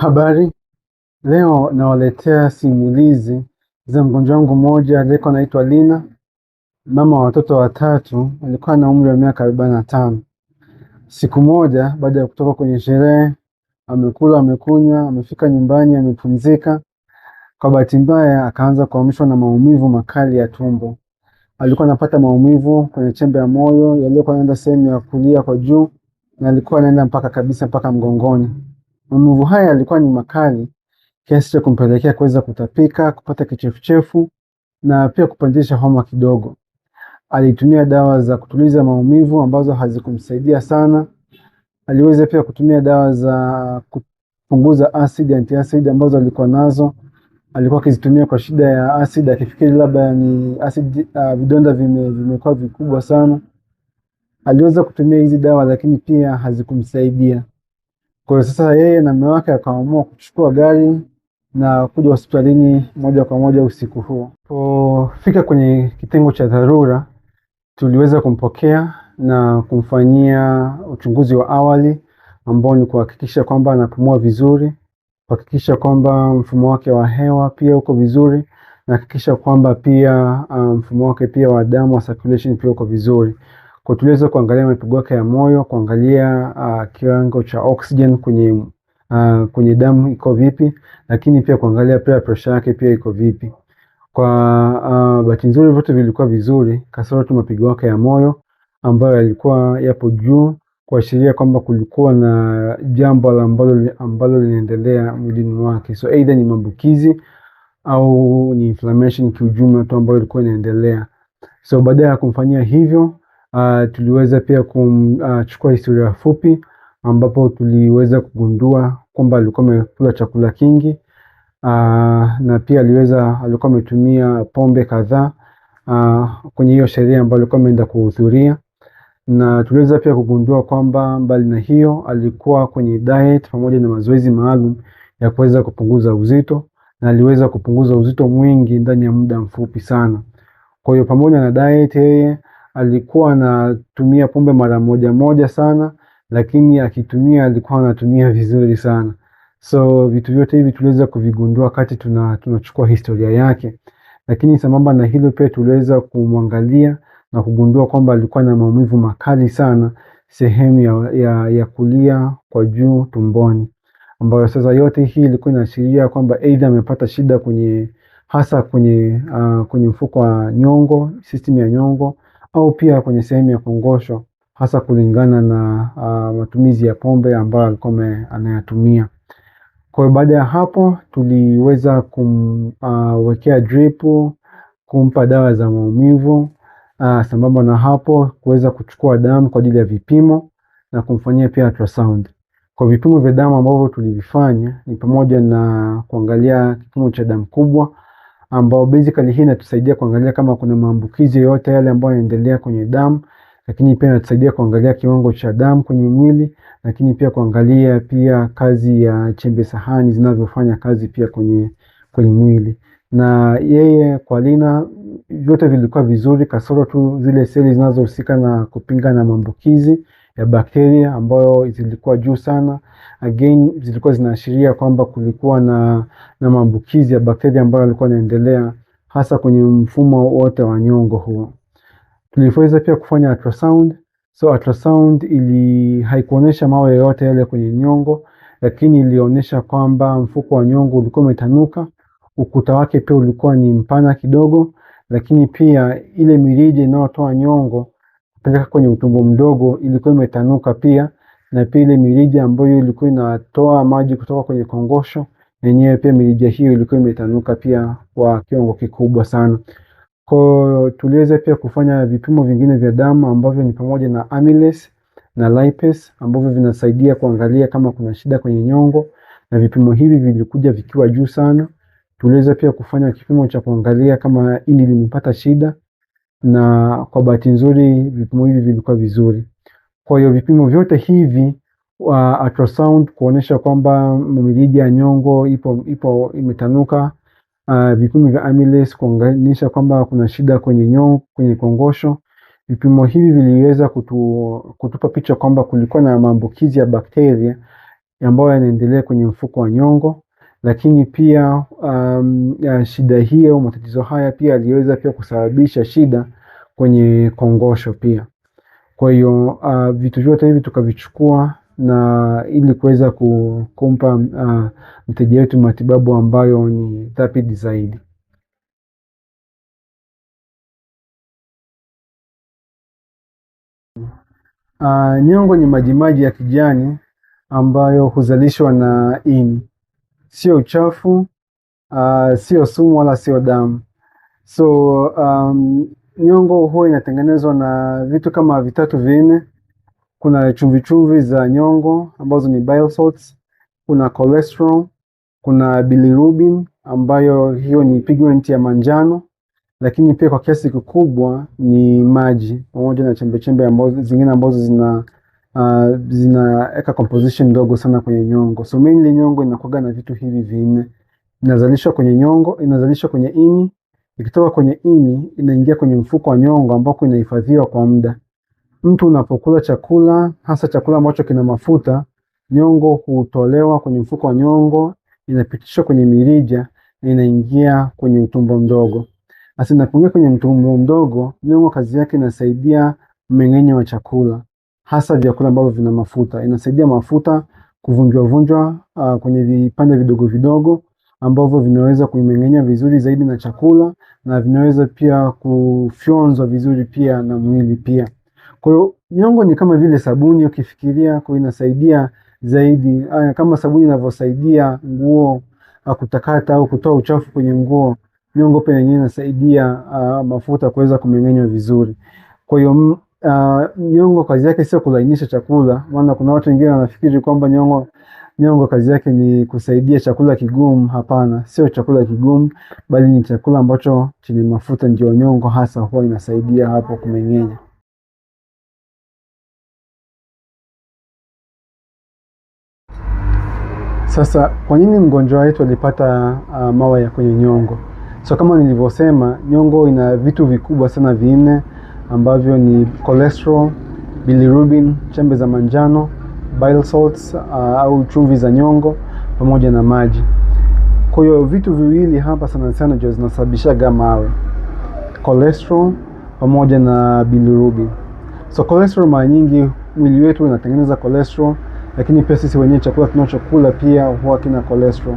Habari, leo nawaletea simulizi za mgonjwa wangu mmoja aliyekuwa anaitwa Lina, mama wa watoto watatu. Alikuwa na umri wa miaka arobaini na tano. Siku moja baada ya kutoka kwenye sherehe, amekula amekunywa, amefika nyumbani, amepumzika. Kwa bahati mbaya, akaanza kuamshwa na maumivu makali ya tumbo. Alikuwa anapata maumivu kwenye chembe ya moyo yaliyokuwa yanaenda sehemu ya kulia kwa juu, na alikuwa anaenda mpaka kabisa mpaka mgongoni. Maumivu haya yalikuwa ni makali kiasi cha kumpelekea kuweza kutapika, kupata kichefuchefu na pia kupandisha homa kidogo. Alitumia dawa za kutuliza maumivu ambazo hazikumsaidia sana. Aliweza pia kutumia dawa za kupunguza asidi, antiasidi ambazo alikuwa nazo. Alikuwa akizitumia kwa shida ya asidi, akifikiri labda ni asidi, uh, vidonda vime, vimekuwa vikubwa sana. Aliweza kutumia hizi dawa lakini pia hazikumsaidia. Kwa hiyo sasa yeye na mume wake akaamua kuchukua gari na kuja hospitalini moja kwa moja usiku huo. pofika kwenye kitengo cha dharura, tuliweza kumpokea na kumfanyia uchunguzi wa awali ambao ni kuhakikisha kwamba anapumua vizuri, kuhakikisha kwamba mfumo wake wa hewa pia uko vizuri, na kuhakikisha kwamba pia ah, mfumo wake pia wa damu wa circulation pia uko vizuri kwa tuliweza kuangalia mapigo yake ya moyo, kuangalia uh, kiwango cha oxygen kwenye uh, kwenye damu iko vipi, lakini pia kuangalia pia pressure yake pia iko vipi. Kwa uh, bahati nzuri vyote vilikuwa vizuri, kasoro tu mapigo yake ya moyo ambayo yalikuwa yapo juu, kuashiria kwamba kulikuwa na jambo ambalo ambalo linaendelea mwilini mwake, so either ni maambukizi au ni inflammation kiujumla tu ambayo ilikuwa inaendelea. So baada ya kumfanyia hivyo Uh, tuliweza pia kuchukua ah, uh, historia fupi ambapo tuliweza kugundua kwamba alikuwa amekula chakula kingi uh, na pia aliweza alikuwa ametumia pombe kadhaa uh, kwenye hiyo sherehe ambayo alikuwa ameenda kuhudhuria, na tuliweza pia kugundua kwamba mbali na hiyo alikuwa kwenye diet pamoja na mazoezi maalum ya kuweza kupunguza uzito, na aliweza kupunguza uzito mwingi ndani ya muda mfupi sana. Kwa hiyo pamoja na diet yeye alikuwa anatumia pombe mara moja moja sana, lakini akitumia alikuwa anatumia vizuri sana. So vitu vyote hivi tuliweza kuvigundua wakati tuna, tunachukua historia yake, lakini sambamba na hilo pia tuliweza kumwangalia na kugundua kwamba alikuwa na maumivu makali sana sehemu ya, ya, ya kulia kwa juu tumboni, ambayo sasa yote hii ilikuwa inaashiria kwamba aidha amepata shida kwenye hasa kwenye, uh, kwenye mfuko wa nyongo, system ya nyongo au pia kwenye sehemu ya kongosho, hasa kulingana na uh, matumizi ya pombe ambayo alikuwa anayatumia. Kwa hiyo baada ya hapo tuliweza kumwekea ah, uh, drip, kumpa dawa za maumivu uh, sambamba na hapo kuweza kuchukua damu kwa ajili ya vipimo na kumfanyia pia ultrasound. Kwa vipimo vya damu ambavyo tulivifanya ni pamoja na kuangalia kipimo cha damu kubwa ambao basically hii inatusaidia kuangalia kama kuna maambukizi yoyote yale ambayo yanaendelea kwenye damu, lakini pia inatusaidia kuangalia kiwango cha damu kwenye mwili, lakini pia kuangalia pia kazi ya chembe sahani zinavyofanya kazi pia kwenye, kwenye mwili na yeye kwa Lina vyote vilikuwa vizuri, kasoro tu zile seli zinazohusika na kupinga na maambukizi ya bakteria ambayo zilikuwa juu sana. Again, zilikuwa zinaashiria kwamba kulikuwa na, na maambukizi ya bakteria ambayo yalikuwa yanaendelea hasa kwenye mfumo wote wa nyongo huo. Tulifaweza pia kufanya ultrasound. So ultrasound ili haikuonyesha mawe yoyote yale kwenye nyongo, lakini ilionyesha kwamba mfuko wa nyongo ulikuwa umetanuka, ukuta wake pia ulikuwa ni mpana kidogo, lakini pia ile mirija inayotoa nyongo kupeleka kwenye utumbo mdogo ilikuwa imetanuka pia, na pia ile mirija ambayo ilikuwa inatoa maji kutoka kwenye kongosho yenyewe pia mirija hiyo ilikuwa imetanuka pia kwa kiwango kikubwa sana. Kwa tuliweza pia kufanya vipimo vingine vya damu ambavyo ni pamoja na amylase na lipase ambavyo vinasaidia kuangalia kama kuna shida kwenye nyongo, na vipimo hivi vilikuja vikiwa juu sana. Tuliweza pia kufanya kipimo cha kuangalia kama ini limepata shida na kwa bahati nzuri vipimo hivi vilikuwa vizuri. Kwa hiyo vipimo vyote hivi uh, ultrasound kuonesha kwamba mirija ya nyongo ipo, ipo imetanuka uh, vipimo vya amylase kuonesha kwamba kuna shida kwenye nyongo, kwenye kongosho. Vipimo hivi viliweza kutu, kutupa picha kwamba kulikuwa na maambukizi ya bakteria ambayo yanaendelea kwenye mfuko wa nyongo lakini pia um, shida hii au matatizo haya pia aliweza pia kusababisha shida kwenye kongosho pia. Kwa hiyo uh, vitu vyote hivi tukavichukua na ili kuweza kumpa uh, mteja wetu matibabu ambayo ni thabiti zaidi. Uh, nyongo ni majimaji ya kijani ambayo huzalishwa na ini sio uchafu uh, sio sumu wala sio damu. So um, nyongo huwa inatengenezwa na vitu kama vitatu vinne. Kuna chumvi chumvi za nyongo ambazo ni bile salts, kuna cholesterol, kuna bilirubin ambayo hiyo ni pigment ya manjano, lakini pia kwa kiasi kikubwa ni maji pamoja na chembechembe ambazo zingine ambazo zina uh, ah, zinaweka composition ndogo sana kwenye nyongo. So mainly nyongo inakuwa na vitu hivi vinne, inazalishwa kwenye nyongo, inazalishwa kwenye ini, ikitoka kwenye ini inaingia kwenye mfuko wa nyongo ambako inahifadhiwa kwa muda. Mtu unapokula chakula, hasa chakula ambacho kina mafuta, nyongo hutolewa kwenye mfuko wa nyongo, inapitishwa kwenye mirija na inaingia kwenye utumbo mdogo. Hasa kwenye utumbo mdogo, nyongo kazi yake inasaidia mmeng'enyo wa chakula hasa vyakula ambavyo vina mafuta. Inasaidia mafuta kuvunjwa vunjwa uh, kwenye vipande vidogo vidogo ambavyo vinaweza kumeng'enywa vizuri zaidi na chakula na vinaweza pia kufyonzwa vizuri pia na mwili pia. Kwa hiyo nyongo ni kama vile sabuni ukifikiria, kwa inasaidia zaidi uh, kama sabuni inavyosaidia nguo uh, kutakata au kutoa uchafu kwenye nguo. Nyongo pia yenyewe inasaidia uh, mafuta kuweza kumeng'enywa vizuri. Kwa hiyo Uh, nyongo kazi yake sio kulainisha chakula, maana kuna watu wengine wanafikiri kwamba nyongo nyongo kazi yake ni kusaidia chakula kigumu. Hapana, sio chakula kigumu, bali ni chakula ambacho chenye mafuta, ndio nyongo hasa huwa inasaidia hapo kumeng'enya. Sasa kwa nini mgonjwa wetu alipata uh, mawe ya kwenye nyongo? So kama nilivyosema, nyongo ina vitu vikubwa sana vinne ambavyo ni cholesterol, bilirubin, chembe za manjano, bile salts uh, au chumvi za nyongo pamoja na maji. Kwa hiyo vitu viwili hapa sana sana ndio zinasababisha mawe, cholesterol pamoja na bilirubin. So cholesterol, mara nyingi mwili wetu unatengeneza cholesterol, lakini pia sisi wenyewe chakula tunachokula pia huwa kina cholesterol.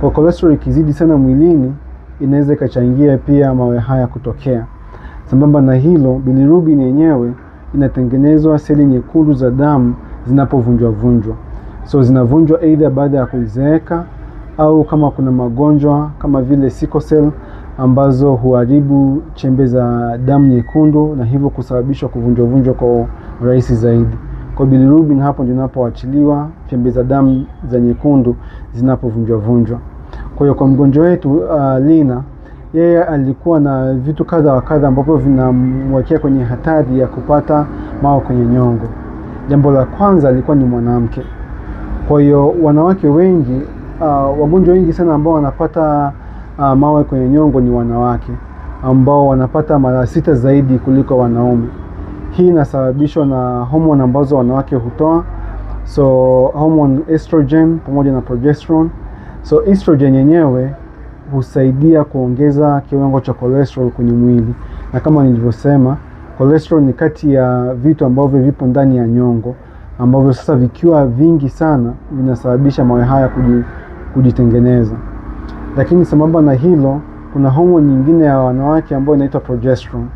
Kwa cholesterol ikizidi sana mwilini inaweza ikachangia pia mawe haya kutokea. Sambamba na hilo, bilirubin yenyewe inatengenezwa seli nyekundu za damu zinapovunjwa vunjwa, so zinavunjwa aidha baada ya kuzeeka au kama kuna magonjwa kama vile sickle cell ambazo huharibu chembe za damu nyekundu na hivyo kusababisha kuvunjwa vunjwa kwa urahisi zaidi. Kwa bilirubin hapo ndio inapoachiliwa chembe za damu za nyekundu zinapovunjwa vunjwa. Kwa hiyo kwa mgonjwa wetu uh, Lina yeye alikuwa na vitu kadha wa kadha ambavyo vinamwekea kwenye hatari ya kupata mawe kwenye nyongo. Jambo la kwanza alikuwa ni mwanamke. Kwa hiyo wanawake wengi uh, wagonjwa wengi sana ambao wanapata uh, mawe kwenye nyongo ni wanawake ambao wanapata mara sita zaidi kuliko wanaume. Hii inasababishwa na homoni ambazo wanawake hutoa, so homoni estrogen pamoja na progesterone. So estrogen yenyewe husaidia kuongeza kiwango cha cholesterol kwenye mwili, na kama nilivyosema, cholesterol ni kati ya vitu ambavyo vipo ndani ya nyongo ambavyo sasa vikiwa vingi sana vinasababisha mawe haya kujitengeneza. Lakini sambamba na hilo, kuna homoni nyingine ya wanawake ambayo inaitwa progesterone,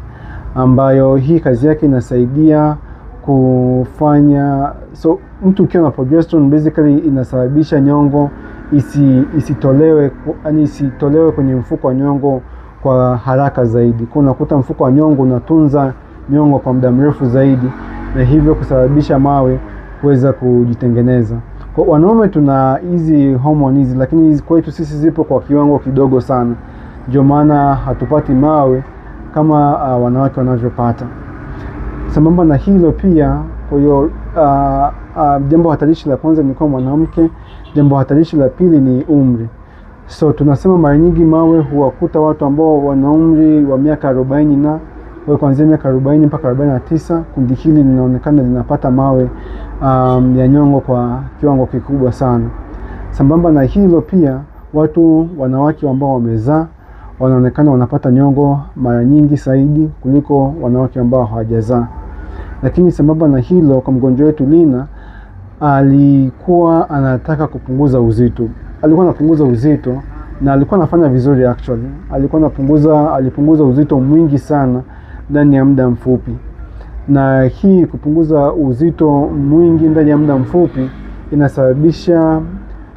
ambayo hii kazi yake inasaidia kufanya so mtu ukiwa na progesterone basically inasababisha nyongo isi, isitolewe yani isitolewe kwenye mfuko wa nyongo kwa haraka zaidi. Kwa unakuta mfuko wa nyongo unatunza nyongo kwa muda mrefu zaidi, na hivyo kusababisha mawe kuweza kujitengeneza. Kwa wanaume tuna hizi hizi, lakini kwetu sisi zipo kwa kiwango kidogo sana, ndio maana hatupati mawe kama uh, wanawake wanavyopata. Sambamba na hilo pia, kwa hiyo uh, uh, jambo hatarishi la kwanza ni kwa mwanamke. Jambo hatarishi la pili ni umri. So tunasema mara nyingi mawe huwakuta watu ambao wana umri wa miaka arobaini na kuanzia miaka arobaini mpaka arobaini na tisa. Kundi hili linaonekana linapata mawe um, ya nyongo kwa kiwango kikubwa sana. Sambamba na hilo pia, watu wanawake ambao wamezaa wanaonekana wanapata nyongo mara nyingi zaidi kuliko wanawake ambao hawajazaa. Lakini sambamba na hilo, kwa mgonjwa wetu Lina alikuwa anataka kupunguza uzito, alikuwa anapunguza uzito na alikuwa anafanya vizuri actually. Alikuwa anapunguza, alipunguza uzito mwingi sana ndani ya muda mfupi, na hii kupunguza uzito mwingi ndani ya muda mfupi inasababisha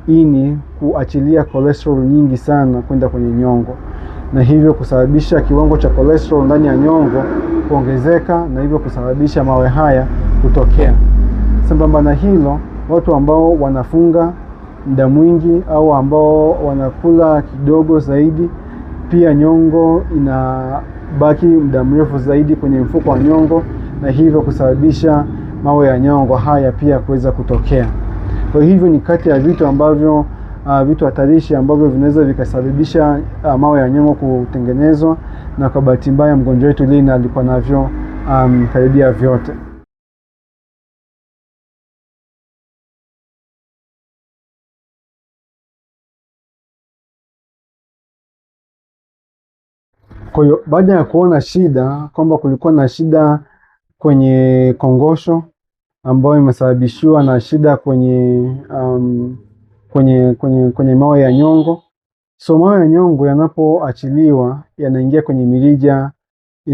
ini kuachilia cholesterol nyingi sana kwenda kwenye nyongo na hivyo kusababisha kiwango cha cholesterol ndani ya nyongo kuongezeka na hivyo kusababisha mawe haya kutokea. Sambamba na hilo, watu ambao wanafunga muda mwingi au ambao wanakula kidogo zaidi, pia nyongo inabaki muda mrefu zaidi kwenye mfuko wa nyongo na hivyo kusababisha mawe ya nyongo haya pia kuweza kutokea. Kwa hivyo ni kati ya vitu ambavyo uh, vitu hatarishi ambavyo vinaweza vikasababisha uh, mawe ya nyongo kutengenezwa, na kwa bahati mbaya mgonjwa wetu Lina alikuwa navyo um, karibia vyote. Kwa hiyo baada ya kuona shida kwamba kulikuwa na shida kwenye kongosho ambayo imesababishiwa na shida kwenye um, kwenye, kwenye, kwenye mawe ya nyongo. So mawe ya nyongo yanapoachiliwa yanaingia kwenye mirija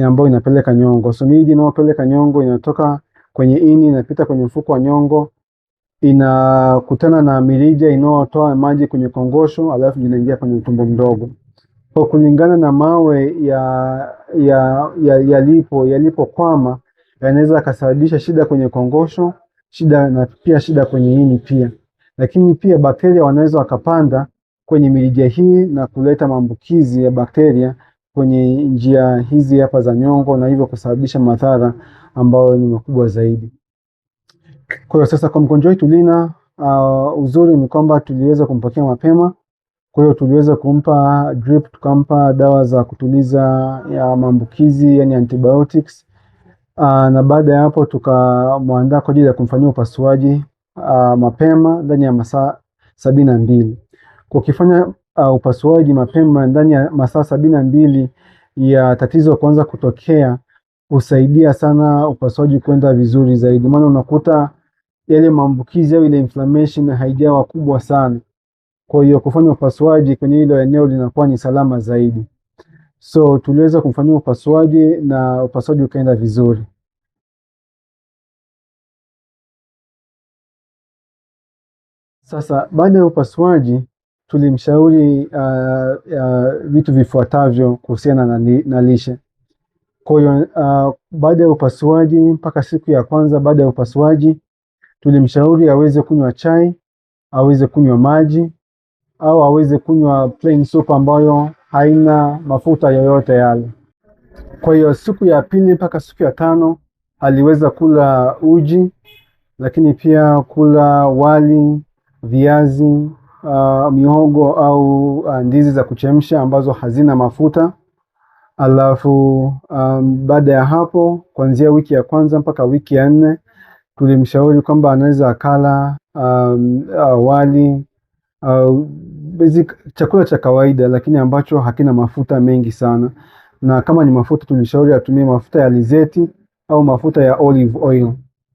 ambayo inapeleka nyongo. So mirija inayopeleka nyongo inatoka kwenye ini inapita kwenye mfuko wa nyongo inakutana na mirija inayotoa maji kwenye kongosho, alafu inaingia kwenye utumbo mdogo. Kwa kulingana na mawe yalipo ya, yalipokwama ya ya yanaweza akasababisha shida kwenye kongosho, shida na pia shida kwenye ini pia lakini pia bakteria wanaweza wakapanda kwenye mirija hii na kuleta maambukizi ya bakteria kwenye njia hizi hapa za nyongo na hivyo kusababisha madhara ambayo ni makubwa zaidi. Kwa hiyo sasa, kwa mgonjwa wetu Lina, uh, uzuri ni kwamba tuliweza kumpokea mapema. Kwa hiyo tuliweza kumpa drip, tukampa dawa za kutuliza ya maambukizi yani antibiotics. Uh, na baada ya hapo tukamwandaa kwa ajili ya kumfanyia upasuaji uh, mapema ndani ya masaa sabini na mbili. Kwa ukifanya uh, ah, upasuaji mapema ndani ya masaa sabini na mbili ya tatizo kuanza kutokea husaidia sana upasuaji kwenda vizuri zaidi, maana unakuta yale maambukizi au ile inflammation haijawa kubwa sana. Kwa hiyo kufanya upasuaji kwenye hilo eneo linakuwa ni salama zaidi. So tuliweza kumfanyia upasuaji na upasuaji ukaenda vizuri. Sasa baada ya upasuaji tulimshauri uh, uh, vitu vifuatavyo kuhusiana na, li, na lishe. Kwa hiyo uh, baada ya upasuaji mpaka siku ya kwanza baada ya upasuaji tulimshauri aweze kunywa chai, aweze kunywa maji au aweze kunywa plain soup ambayo haina mafuta yoyote yale. Kwa hiyo siku ya pili mpaka siku ya tano aliweza kula uji, lakini pia kula wali viazi uh, mihogo au uh, ndizi za kuchemsha ambazo hazina mafuta. Alafu um, baada ya hapo, kuanzia wiki ya kwanza mpaka wiki ya nne tulimshauri kwamba anaweza akala um, uh, wali uh, basic chakula cha kawaida, lakini ambacho hakina mafuta mengi sana, na kama ni mafuta tulishauri atumie mafuta ya lizeti au mafuta ya olive oil.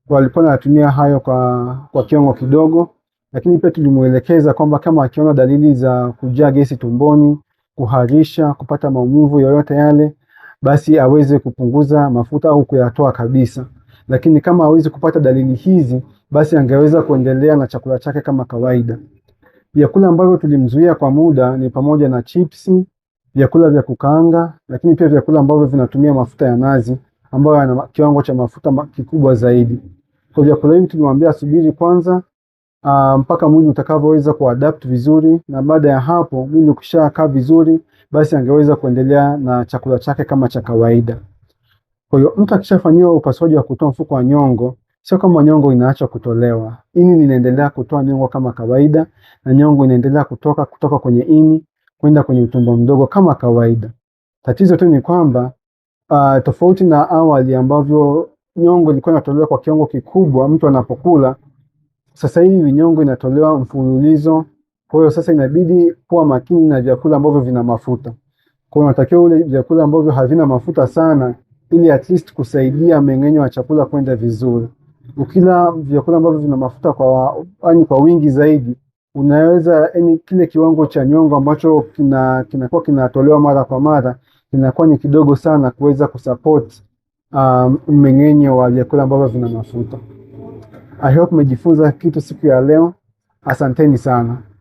Walikuwa wanatumia hayo kwa, kwa kiwango kidogo lakini pia tulimwelekeza kwamba kama akiona dalili za kujaa gesi tumboni, kuharisha, kupata maumivu yoyote yale, basi aweze kupunguza mafuta au kuyatoa kabisa. Lakini kama hawezi kupata dalili hizi, basi angeweza kuendelea na chakula chake kama kawaida. Vyakula ambavyo tulimzuia kwa muda ni pamoja na chipsi, vyakula vya kukaanga, lakini pia vyakula ambavyo vinatumia mafuta ya nazi ambayo yana kiwango cha mafuta kikubwa zaidi. Kwa vyakula hivi tulimwambia asubiri kwanza uh, mpaka mwili utakavyoweza kuadapt vizuri, na baada ya hapo mwili ukishakaa vizuri, basi angeweza kuendelea na chakula chake kama cha kawaida. Kwa hiyo mtu akishafanyiwa upasuaji wa kutoa mfuko wa nyongo, sio kama nyongo inaachwa kutolewa. Ini linaendelea kutoa nyongo kama kawaida, na nyongo inaendelea kutoka kutoka kwenye ini kwenda kwenye utumbo mdogo kama kawaida. Tatizo tu ni kwamba uh, tofauti na awali ambavyo nyongo ilikuwa inatolewa kwa kiwango kikubwa mtu anapokula, sasa hivi minyongo inatolewa mfululizo, kwa hiyo sasa inabidi kuwa makini na vyakula ambavyo vina mafuta. Kwa hiyo unatakiwa ule vyakula ambavyo havina mafuta sana, ili at least kusaidia mmeng'enyo wa chakula kwenda vizuri. Ukila vyakula ambavyo vina mafuta kwa yani kwa wingi zaidi, unaweza yani, kile kiwango cha nyongo ambacho kina kinakuwa kinatolewa mara kwa mara kinakuwa ni kidogo sana kuweza kusupport um, mmeng'enyo wa vyakula ambavyo vina mafuta. I hope mmejifunza kitu siku ya leo. Asanteni sana.